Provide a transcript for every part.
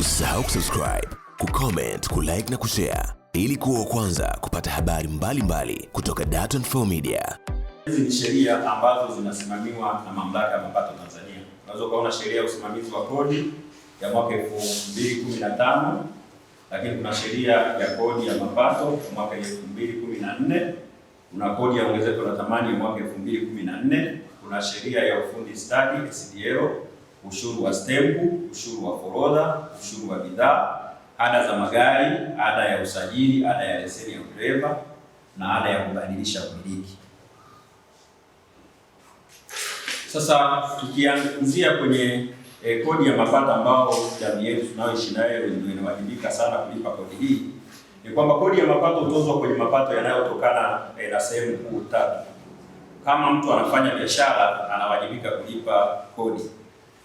Usisahau kusubscribe, kucomment, kulike na kushare ili kuwa kwanza kupata habari mbalimbali mbali kutoka Dar24 Media. Hizi ni sheria ambazo zinasimamiwa na Mamlaka ya Mapato Tanzania. Unaweza ukaona sheria ya usimamizi wa kodi ya mwaka 2015 lakini kuna sheria ya kodi ya mapato mwaka 2014, kuna kodi ya ongezeko la thamani ya mwaka 2014, kuna sheria ya ufundi stadi SDL ushuru wa stempu, ushuru wa forodha, ushuru wa bidhaa, ada za magari, ada ya usajili, ada ya leseni ya udereva na ada ya kubadilisha umiliki. Sasa tukianzia kwenye e, kodi ya mapato ambao jamii yetu tunayoishi nayo ndio inawajibika sana kulipa kodi hii, ni kwamba kodi ya mapato hutozwa kwenye mapato yanayotokana e, na sehemu kuu tatu. Kama mtu anafanya biashara, anawajibika kulipa kodi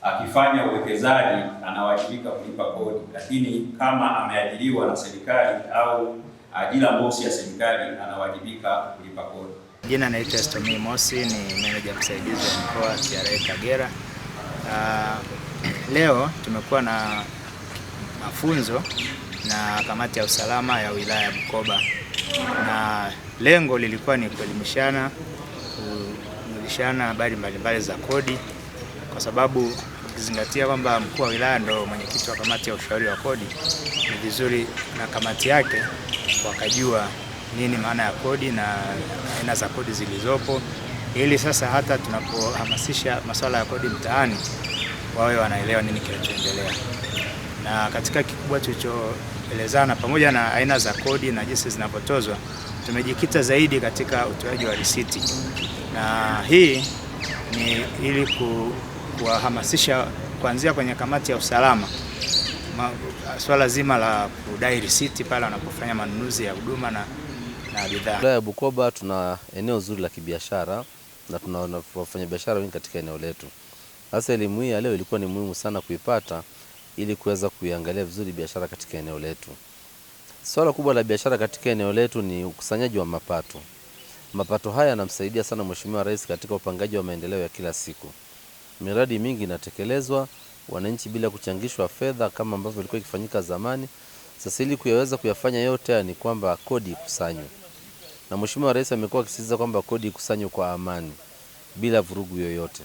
akifanya uwekezaji anawajibika kulipa kodi, lakini kama ameajiriwa na serikali au ajira mosi ya serikali anawajibika kulipa kodi. Jina naitwa Estomi Mosi, ni meneja msaidizi wa mkoa wa TRA Kagera. Uh, leo tumekuwa na mafunzo na kamati ya usalama ya wilaya ya Bukoba, na lengo lilikuwa ni kuelimishana, kuelimishana habari mbalimbali za kodi kwa sababu ukizingatia kwamba mkuu wa wilaya ndo mwenyekiti wa kamati ya ushauri wa kodi, ni vizuri na kamati yake wakajua nini maana ya kodi na aina za kodi zilizopo, ili sasa hata tunapohamasisha masuala ya kodi mtaani wawe wanaelewa nini kinachoendelea. Na katika kikubwa tulichoelezana, pamoja na aina za kodi na jinsi zinavyotozwa, tumejikita zaidi katika utoaji wa risiti, na hii ni ili ku kuwahamasisha kuanzia kwenye kamati ya usalama swala zima la kudai risiti pale wanapofanya manunuzi ya huduma na, na bidhaa. Wilaya ya Bukoba tuna eneo zuri la kibiashara na tuna wafanyabiashara wengi katika eneo letu. Sasa elimu hii ya leo ilikuwa ni muhimu sana kuipata ili kuweza kuiangalia vizuri biashara katika eneo letu. Swala kubwa la biashara katika eneo letu ni ukusanyaji wa mapato. Mapato haya yanamsaidia sana Mheshimiwa Rais katika upangaji wa maendeleo ya kila siku miradi mingi inatekelezwa wananchi bila kuchangishwa fedha kama ambavyo ilikuwa ikifanyika zamani. Sasa ili kuyaweza kuyafanya yote ni kwamba kodi ikusanywe, na Mheshimiwa Rais amekuwa akisisitiza kwamba kodi ikusanywe kwa amani bila vurugu yoyote.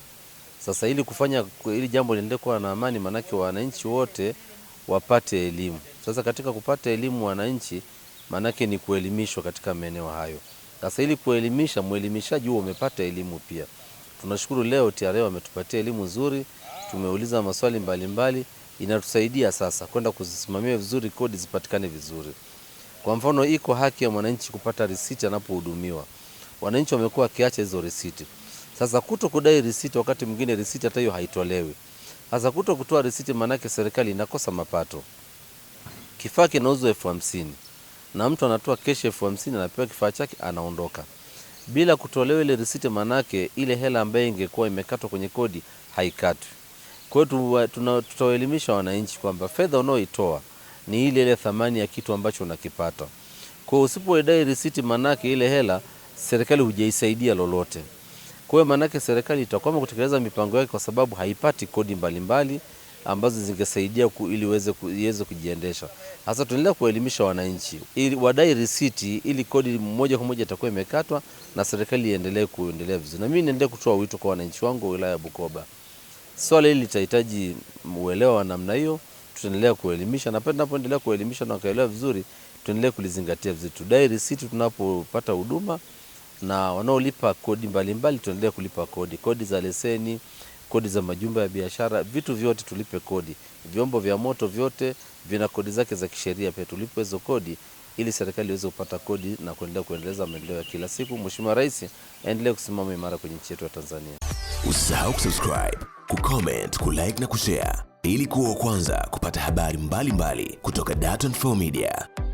Sasa ili kufanya ili jambo liendelee kuwa na amani, maanake wananchi wote wapate elimu. Sasa katika kupata elimu wananchi, maanake ni kuelimishwa katika maeneo hayo. Sasa ili kuelimisha, mwelimishaji huo umepata elimu pia. Tunashukuru leo TRA wametupatia elimu nzuri, tumeuliza maswali mbalimbali mbali, inatusaidia sasa kwenda kuzisimamia vizuri, kodi zipatikane vizuri. Kwa mfano, iko haki ya mwananchi kupata risiti anapohudumiwa. Wananchi wamekuwa wakiacha hizo risiti. Sasa kuto kudai risiti, wakati mwingine risiti hata hiyo haitolewi. Sasa kuto kutoa risiti, maanake serikali inakosa mapato. Kifaa kinauzwa elfu hamsini na mtu anatoa keshi elfu hamsini anapewa kifaa chake, anaondoka bila kutolewa ile risiti, manake ile hela ambayo ingekuwa imekatwa kwenye kodi haikatwi. Kwa hiyo tutawaelimisha wananchi kwamba fedha unaoitoa ni ile ile thamani ya kitu ambacho unakipata. Kwa hiyo usipoidai risiti, manake ile hela serikali hujaisaidia lolote. Kwa hiyo manake serikali itakwama kutekeleza mipango yake kwa sababu haipati kodi mbalimbali mbali ambazo zingesaidia ku, ili iweze kujiendesha. Sasa tunaendelea kuwaelimisha wananchi ili wadai risiti, ili kodi moja kwa moja itakuwa imekatwa na serikali iendelee kuendelea vizuri. Na mimi niendelee kutoa wito kwa wananchi wangu wa wilaya ya Bukoba, swala hili litahitaji uelewa wa namna hiyo. Tutaendelea kuelimisha na tunapoendelea kuelimisha na wakaelewa vizuri, tuendelee kulizingatia vizuri, tudai risiti tunapopata huduma na wanaolipa kodi mbalimbali tuendelee kulipa kodi, kodi za leseni kodi za majumba ya biashara, vitu vyote tulipe kodi. Vyombo vya moto vyote vina kodi zake za kisheria, pia tulipe hizo kodi ili serikali iweze kupata kodi na kuendelea kuendeleza maendeleo ya kila siku. Mheshimiwa Rais aendelee kusimama imara kwenye nchi yetu ya Tanzania. Usisahau kusubscribe, kucomment, kulike na kushare ili kuwa wa kwanza kupata habari mbalimbali mbali kutoka Dar24 Media.